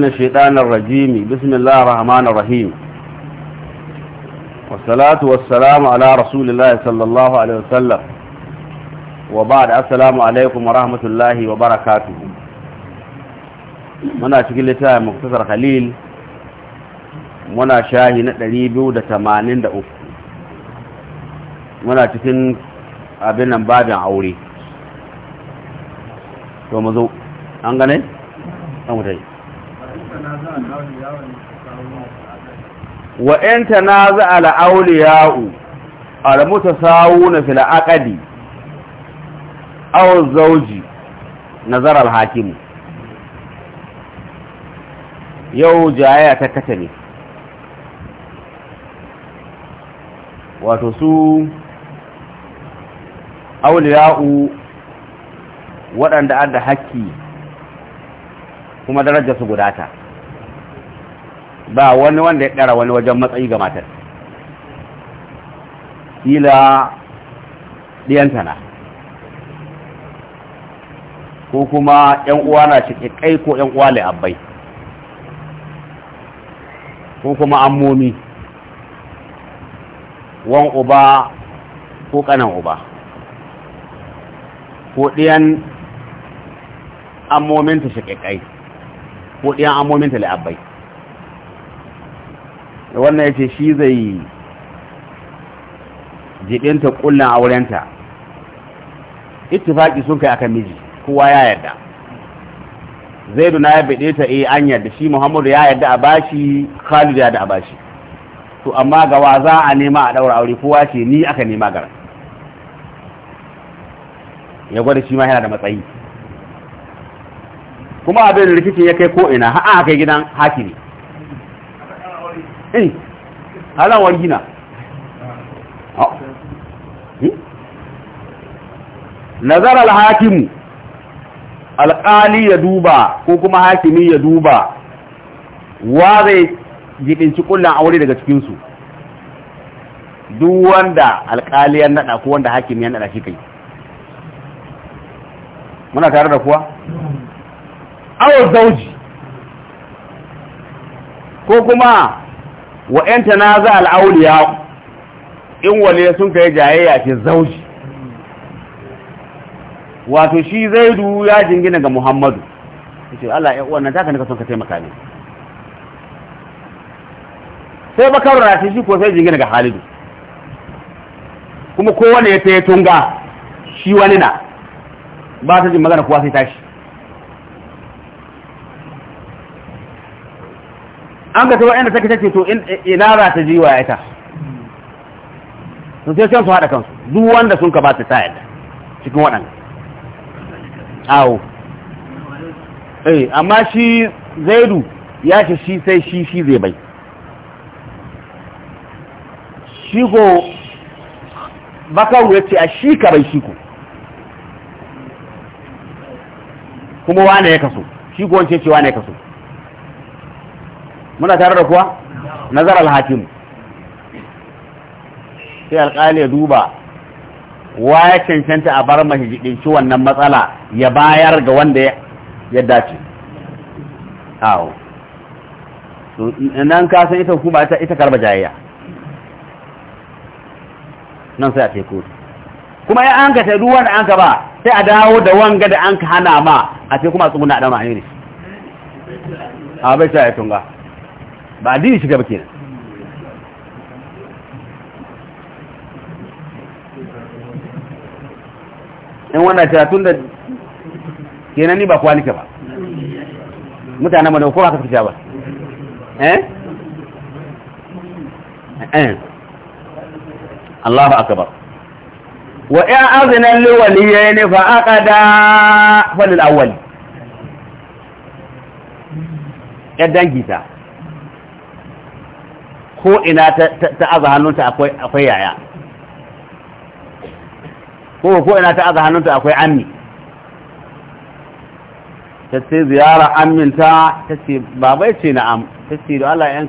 من الشيطان الرجيم بسم الله الرحمن الرحيم والصلاة والسلام على رسول الله صلى الله عليه وسلم وبعد السلام عليكم ورحمة الله وبركاته منا شكل لتاية مختصر خليل منا شاهي نتريبيو دا تمانين دا أف منا شكل أبنا بابا عوري ومزو أنغني أمتين wa in na za a la'auli ya'u fil aqdi aw na nazar al zauji yau jaya ta kata wato su auliya'u waɗanda an da haƙƙi kuma su gudata ba wani wanda ya ɗara wani wajen matsayi ga matar ila ɗiyanta na ko kuma ‘yan uwa na kai ko ‘yan uwa la'abbai ko kuma ammomi wan uba ko kanan uba ko ɗiyan ammominta kai ko ɗiyan ammominta la'abbai wannan ya ce shi zai jibinta kullum aurenta ittifaki sun kai aka miji kowa ya yarda zaidu na ya bade ta eh an yarda shi muhammadu ya yarda a bashi khalid ya yarda a bashi to amma ga wa za a nema a daura aure kowa ce ni aka nema gara ya gwada shi ma yana da matsayi kuma abin rikicin ya kai ko ina har aka kai gidan hakimi eh halan wargina ah. hmm? nazar al-hakim alƙali ya duba ko kuma hakimi ya duba wa zai jibinci kullum aure daga cikinsu duk wanda alƙali ya naɗa ko wanda hakimi ya naɗa shi kai muna tare da kuwa awon zauji ko kuma wa ‘yan tanaza al'auliya in wale sun kai jayayya ke zauji wato shi zaidu ya jingina ga muhammadu ce Allah ya wannan taka ka son ka taimaka ne sai bakar rashi shi ko sai jingina ga halidu kuma kowane ya ta tunga shi wani na ba ta jin magana kuwa sai tashi an ga tawa inda take take to eh, ina za ta ji wa ita sun sai su haɗa kansu duk wanda sun ka ba ta tayar cikin waɗanda awo eh amma shi zaidu ya ce shi sai shi shi zai bai shi go bakaru ya ce a shi ka bai shi ko kuma wane ya kaso shi go wance ce wane ya kaso muna tare da kuwa nazar alhakim sai alƙali ya duba wa ya cancanta a bar mashi jiɗinci wannan matsala ya bayar ga wanda ya dace awo so nan ka san ita hukuma ita ita karba jayayya nan sai a teku kuma ya an ka ta duwan an ka ba sai a dawo da wanga da an ka hana ma a teku kuma tsuguna a dama a yi ne a bai sa ya tunga ba addini shiga ba kenan in wannan tun da kenan ni ba kuwa nika ba mutanen mana kowa ka fita ba eh eh Allahu akabar. wa in azna li waliyin fa aqada fal awwal ya dangita ko ina ta aza hannunta akwai yaya ko ko ina ta aza hannunta akwai ammi ta ce ziyara amminta ta ce babai ce na'am ta ce da Allah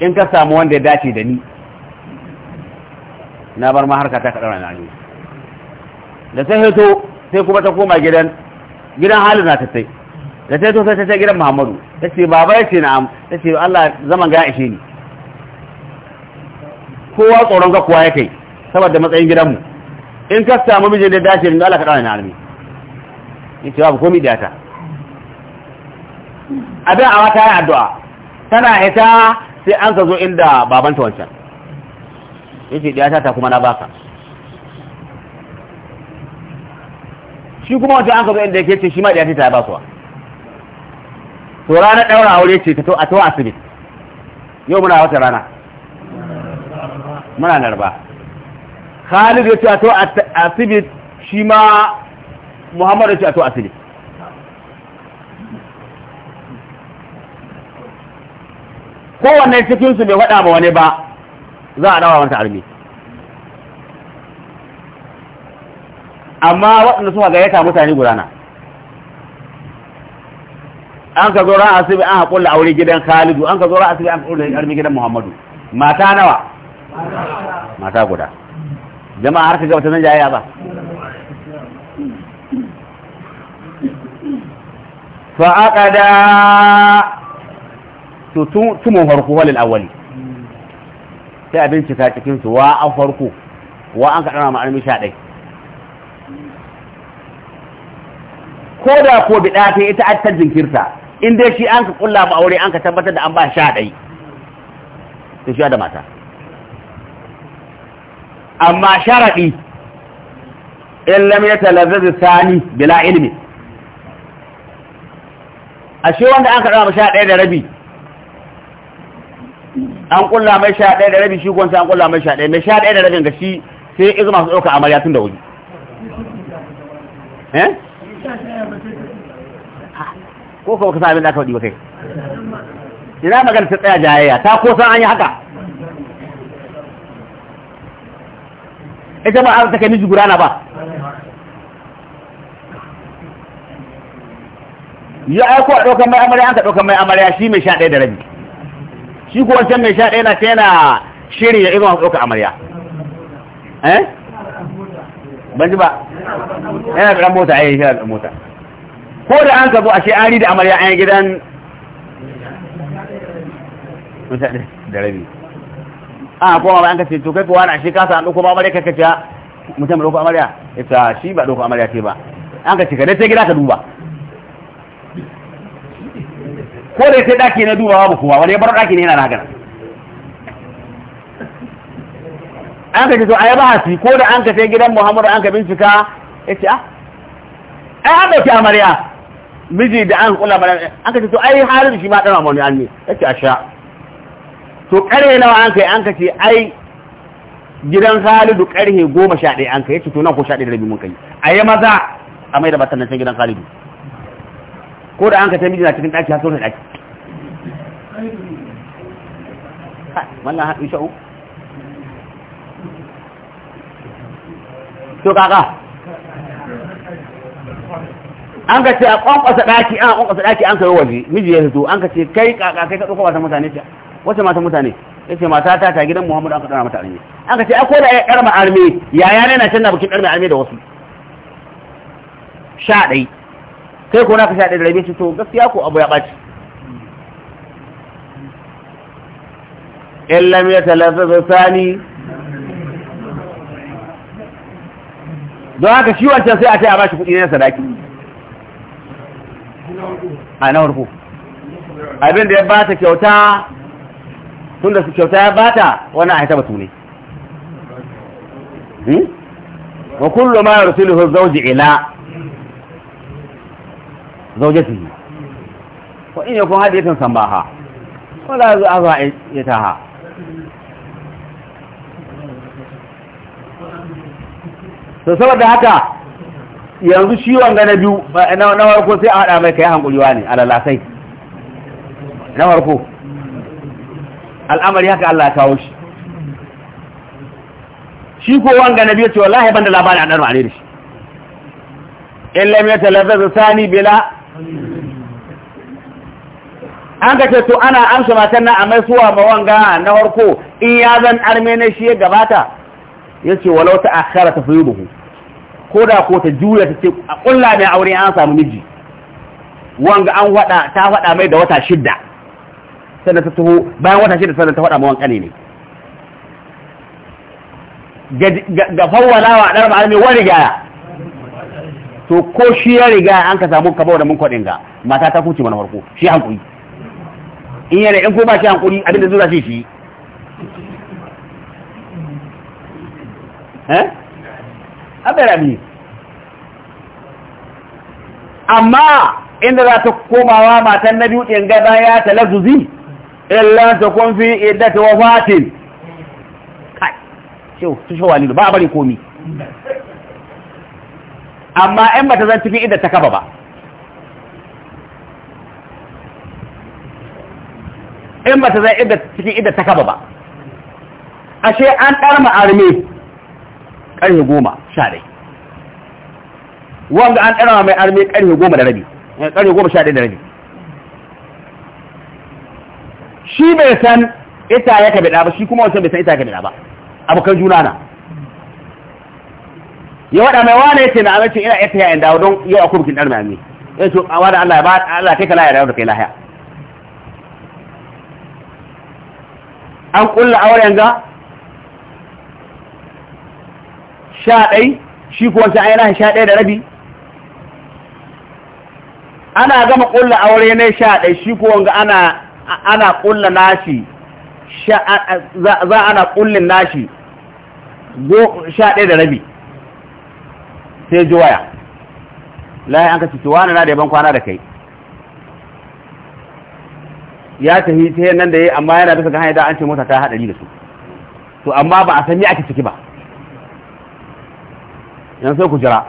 in ka samu wanda ya dace da ni na bar ma ta kaɗa na ne da sai hito sai kuma ta koma gidan gidan halin na ta sai da sai to sai ta ce gidan muhammadu ta ce babai ce na'am ta ce Allah zaman ga ishe ni kowa tsoron ka kuwa ya kai saboda matsayin gidanmu in ka samu mijin da dace da Allah ka dana armi in ce babu komai data abin a wata addu'a tana hita sai an ka zo inda babanta wancan yace data ta kuma na baka shi kuma wata an ka zo inda yake ce shi ma data ta ba suwa to rana daura aure ce ta to a to asibiti yau muna wata rana muna larba khalid ya ce a to asibit shi ma muhammadu ya ce a to asibit kowanne cikinsu bai faɗa ma wani ba za a dawa wanta armi amma waɗanda suka gayyata mutane gudana an ka zo ran asibi an haƙulla aure gidan khalidu an ka zo ran asibi an haƙulla armi gidan muhammadu mata nawa mata guda jama'a har ka gabata nan jaya ba fa'aqada to tumun farko walil awwali sai a ta cikin su wa an farko wa an kaɗa ma armi sha ko da ko biɗa ta ita ta jinkirta in dai shi an ka kulla ba aure an ka tabbatar da an ba sha ɗai to shi da mata amma sharaɗi in lam ya talazzazi sani bila ilmi a shi wanda an karɓa sha ɗaya da rabi an ƙulla mai sha ɗaya da rabi shi sai an ƙulla mai sha ɗaya mai sha ɗaya da rabin ga shi sai izu masu ɗauka amarya tun da wuri eh ko ka abin da aka waɗi ba kai ina magana ta tsaya jayayya ta ko san an yi haka ita ba ta saka miji gurana ba ya aiko a ɗaukar mai amarya an ka ɗaukar mai amarya shi mai sha ɗaya da rabi shi ko wancan mai sha ɗaya na ta yana shirin ya izuwa ɗaukar amarya eh ban ji ba yana da ɗan mota a yi shi da mota ko da an ka zo a shi an da amarya an yi gidan da rabi a ah, kuma ba an ce to kai ko wani shi ka san dauko ba amarya kai kace ah, mutum dauko amarya ita ah, shi ba doko amarya ce ba an ce ka dai sai gida ka duba ko dai sai daki na duba ba kowa wani ya bar daki ne yana na an ka ce to ba bahasi ko da an sai gidan Muhammadu an ka bincika yace ah ai an dauki amarya miji da an kula an ce to ai halin shi ma dan amon ne an ne yace a sha to karhe nawa an kai an ka ce ai gidan Khalidu karhe goma sha ɗaya an kai yace to nan ko sha ɗaya da rabi mun kai a yi maza a mai da batan nan gidan Khalidu ko da an ka ta miji na cikin ɗaki har sauran ɗaki wannan haɗin sha'u to kaka an ka ce a ƙwanƙwasa ɗaki an ƙwanƙwasa ɗaki an kai waje miji ya zo an ka ce kai kaka kai ka ɗauka wata mutane ce Wata mata mutane Ya ce mata ta ta gidan Muhammadu an kadara mata arme an ka ce akwai da yar ma arme yaya ne na canza bakin yar ma arme da wasu sha dai kai ko na ka sha dai da rabe su to gaskiya ko abu ya ɓaci. in lam yatalazzaz Sani. don haka shi wancan sai a ce a bashi kuɗi na sadaki a na Abin da ya ba ta kyauta tun da su kyauta ya bata wani a haita batu ne hmm? wa kullum ma yursiluhu zauji ila zawjatihi Ko in yakun hadithun sambaha wala zu'a taha. to saboda haka yanzu ciwon wanga na biyu na farko sai a haɗa mai kai hankuliwa ne alalasai na farko al'amari haka Allah ya kawo shi shi ko wanga nabi ya ce wallahi banda labarin an ɗarwa ne da shi in lam sani bila an ka ce to ana amsa matan na mai suwa ma wanga na farko in ya zan arme na shi ya gabata ya ce walau ta yi buhu, ko da ko ta juya ta ce a kulla mai aure an samu miji wanga an wada ta faɗa mai da wata shidda sannan ta taho bayan wata shida sannan ta faɗa mawan ƙane ne ga fawwalawa ɗar ma'almi wani gaya to ko shi ya riga an ka samu kaba da mun kwaɗin ga mata ta kuce mana farko shi hankuri in yana in ko ba shi hankuri abin da zuwa shi shi eh abin rami amma inda za ta komawa matan na biyu ɗin gaba ya talazzuzi illa ta kun fi iddata wafatin kai shehu su shawali ba a bari komi amma in bata zan cikin idda ta kaba ba in ba zan cikin idda ta kaba ba ashe an ɗarma arme ƙarfe goma sha ɗai wanda an ɗarma mai arme ƙarfe goma da rabi ƙarfe goma sha ɗai da rabi shi bai san ita ya kabe ba shi kuma wancan bai san ita ya kabe ba abokan juna na ya wada mai wane ce na amince ina ita ya dawo don yau a bikin ɗan mami ya to a wada Allah ya ba Allah kai kala ya dawo da kai lahiya an kulla auren ga sha ɗai shi kuwa sai ayyana sha ɗai da rabi ana gama kulla aure ne sha ɗai shi kuwa ga ana ana kulla nashi za ana kullin nashi sha ɗaya da rabi sai ji waya layi an ka ci tuwa na da yaban kwana da kai ya yi ta nan da ya amma yana bisa ga hanyar da an ce mota ta haɗari da su to amma ba a sami ake ciki ba yan sai ku jira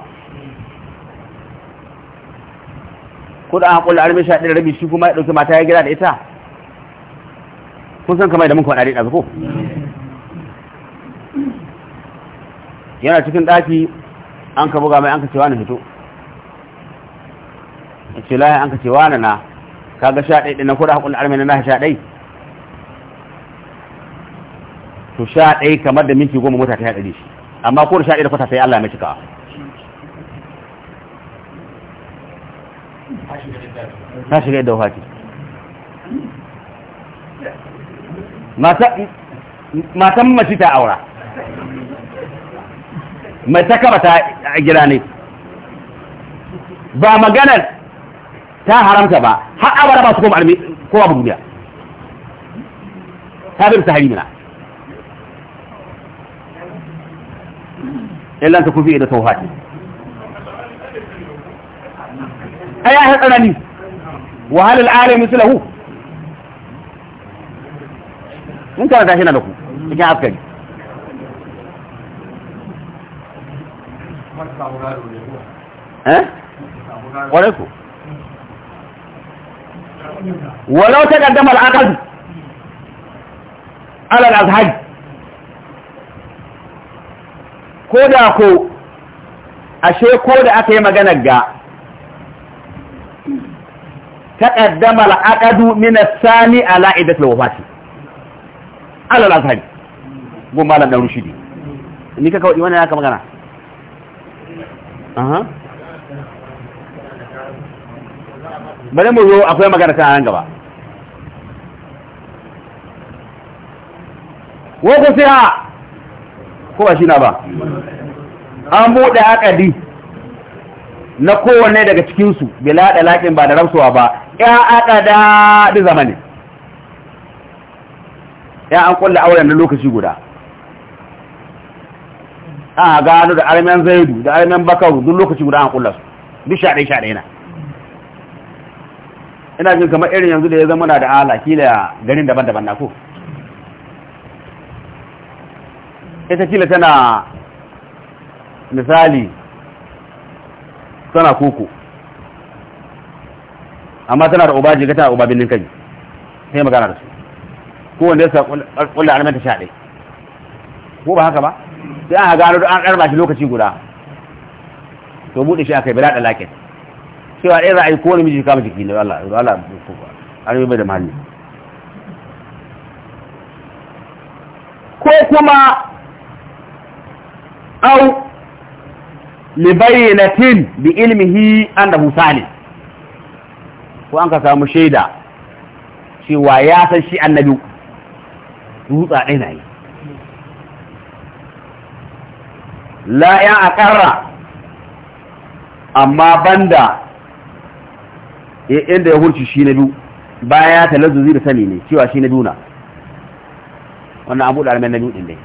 ko da an kulla armi sha ɗaya rabi shi kuma ya ɗauki mata ya gida da ita kun san kamar da muka faɗa da ko yana cikin ɗaki an ka buga mai an ka ce wani fito ce lahi an ka ce wani na kaga sha ɗai na kuɗa haƙun armeni na sha ɗai to sha ɗai kamar da minti goma mota ta ya ɗari shi amma ko da sha ɗai da kwata sai Allah mai cika ta shiga idda wafati matan mace ta aura mai ta kaba ta a gida ne ba maganar ta haramta ba har abara ba su koma arme ko babu duniya ta bi ta harimina illa ta kufi da tauhati ai ya tsanani wa halal alimi sulahu in karanta shi na da ku cikin askari eh? ƙwarai ku walau ta ƙaddama al'akadu alal azhari ko da ko ashe ko da aka yi magana ga ta ƙaddama al'akadu minas sani ala idatul wafati alal azhari gun malam na rushidi ni ka kawai wannan ya kama gana aha bari mu zo akwai magana ta nan gaba ko sai ha ko ba shi na ba an buɗe akadi na kowanne daga cikinsu bila da laƙin ba da rabsuwa ba ya akada da zamanin ya an kulla auren na lokaci guda a gano da armen zaidu da armen bakaru duk lokaci guda an kulla su duk shaɗe shaɗe na ina jin kamar irin yanzu da ya zama na da ala kila garin daban-daban na ko ita kila tana misali tana koko amma tana da uba ga tana uba binnin sai magana da su ko wanda ya kulla a ta shaɗe ko ba haka ba sai aka gano an ɗarba shi lokaci guda to buɗe shi aka yi bala da lakin cewa ɗaya za a yi kowane miji kama jiki ne Allah Allah an yi bai da mahalli ko kuma au libayyanatin bi ilmihi annahu salih ko an ka samu shaida cewa ya san shi annabi dutsa ɗai na yi la ya akarra amma banda inda ya hurci shi na biyu baya ya talazzuzi da sani ne cewa shi na biyu na wannan abu da alamai na biyu ɗin dai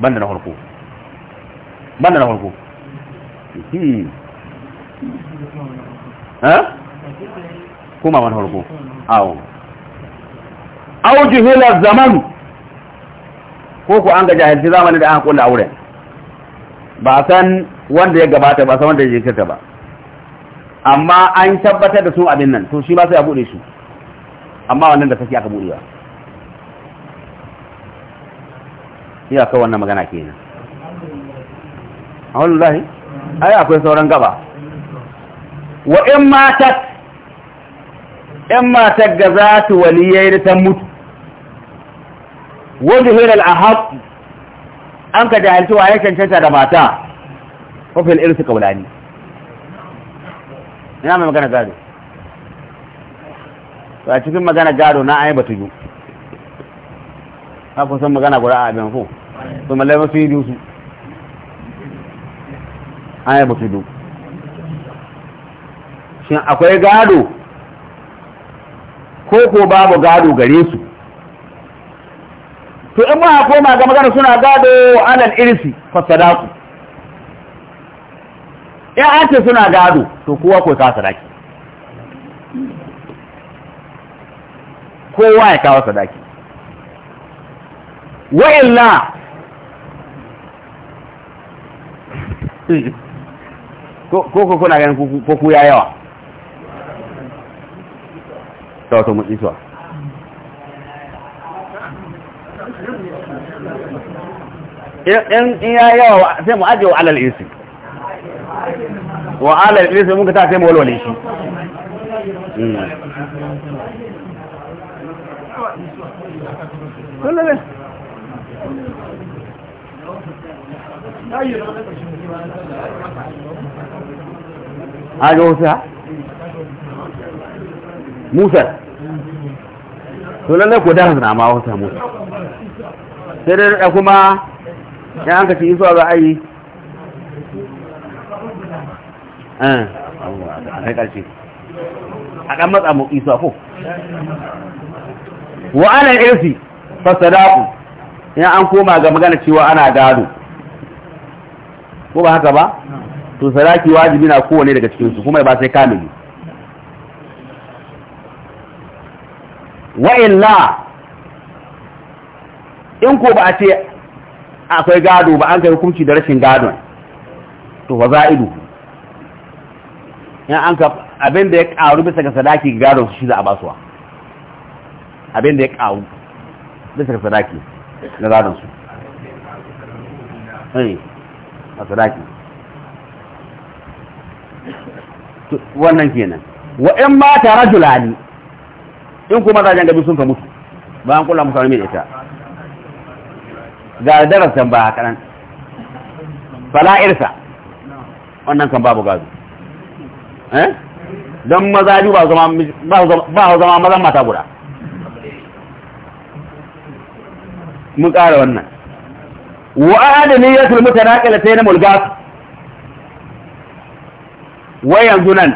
banda na harko banda na harko hmm. kuma wani harko awon auji hilar zaman ko ku an ga jahilci zamanin da aka kulla auren ba san wanda ya gabata ba san wanda ya jinkirta ba amma an tabbatar da su abin nan to shi ba sai a bude su amma wannan da kake aka ba ya ka wannan magana kenan wallahi ai akwai sauran gaba wa in matat in matat ga za ta waliyai da ta mutu wajen hira al’ahab an ka jahilci wa ya cancanta da mata kofin su kaulani ina mai magana gado a cikin magana gado na ayi batu yi haka san magana guda a abin ko su mallai masu yi dusu su ayi batu yi shin akwai gado ko ko babu gado gare su to in muna koma ga magana suna gado alal irsi sadaku. ya an ce suna gado to kowa ko kawo sadaki kowa ya kawo sadaki wa'illa ko ko kuna ganin ko ku ya yawa ta wata mutsisuwa in ya yawa sai mu ajiye wa alal isi wa alal isi mun ta sai mu walwale shi hmm. Aga wasa? Musa. To lallai ko da na ma wasa Musa. Sai dai kuma ya an ka ci zuwa za a yi eh. a kan matsa mu isuwa ko wa ana irsi fasadaku ya an koma ga magana cewa ana gado ko ba haka ba to sadaki wajibi na kowane daga cikinsu kuma ba sai kamili wa illa in ko ba a ce akwai gado ba an kai hukunci da rashin gadon to wa za'idu in an ka abin da ya karu bisa ga sadaki gadon su shi za a basuwa abin da ya karu bisa ga sadaki na gadon su eh, a sadaki wannan kenan wa'in mata rajulani in kuma zajen gabi sun ka mutu bayan kula musamman mai ita ga darasan ba haka nan fala'irsa wannan kan babu gazu eh don maza ba zama ba zama mazan mata guda mun ƙara wannan wa ne ya sulmu ta naƙila ta yi na mulgas wai yanzu nan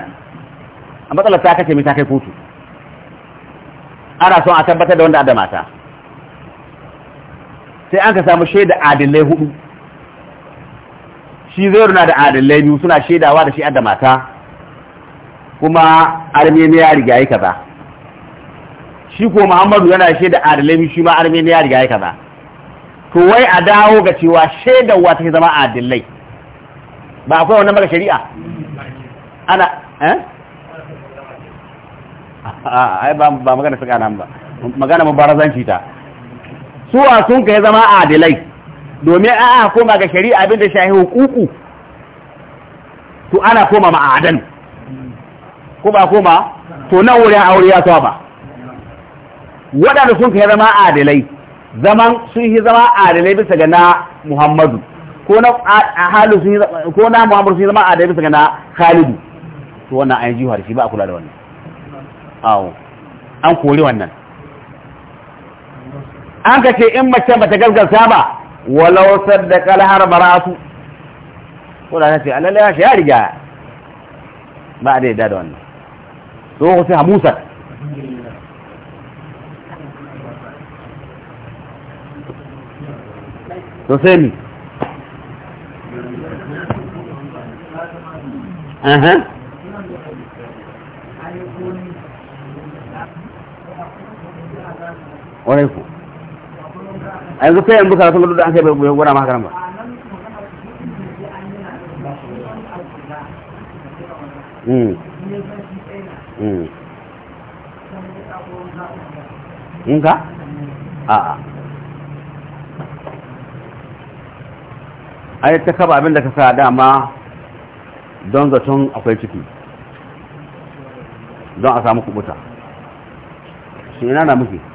a matsalar ta kace mai ta kai kotu ana son a tabbatar da wanda adamata sai an ka samu shaida adalai hudu shi zai na da adalai biyu suna shaidawa da shi da mata kuma armeniya riga yi kaza shi ko muhammadu yana shaida adalai biyu shi ma armeniya riga yi kaza to wai a dawo ga cewa shaidawa ta zama adalai ba akwai wannan maka shari'a ana eh ai ba magana suka nan ba magana barazanci ta suwa sun ka yi zama adilai domin a koma ga shari'a abin da shahi hukuku to ana koma ma'adan ko ba koma to nan a aure ya ba waɗanda sun ka yi zama adilai zaman sun yi zama adilai bisa ga na muhammadu ko na halu sun ko na muhammadu sun yi zama adilai bisa ga na khalidu to wannan an yi jiwa da shi ba a kula da wannan awo an kori wannan an ka ce in mace bata gaskata ba walau saddaka lahar barasu ko da ce Allah ya shi ya riga ba da yadda da wannan so ko sai hamusa to sai ni aha Wani ku. a yanzu kai yanzu sun gudu da an kai bai gwada maka ba in hmm. hmm. ka? a'a ai ta kaba abin da ka sa dama don zaton akwai ciki don a samu kubuta shi ina na muke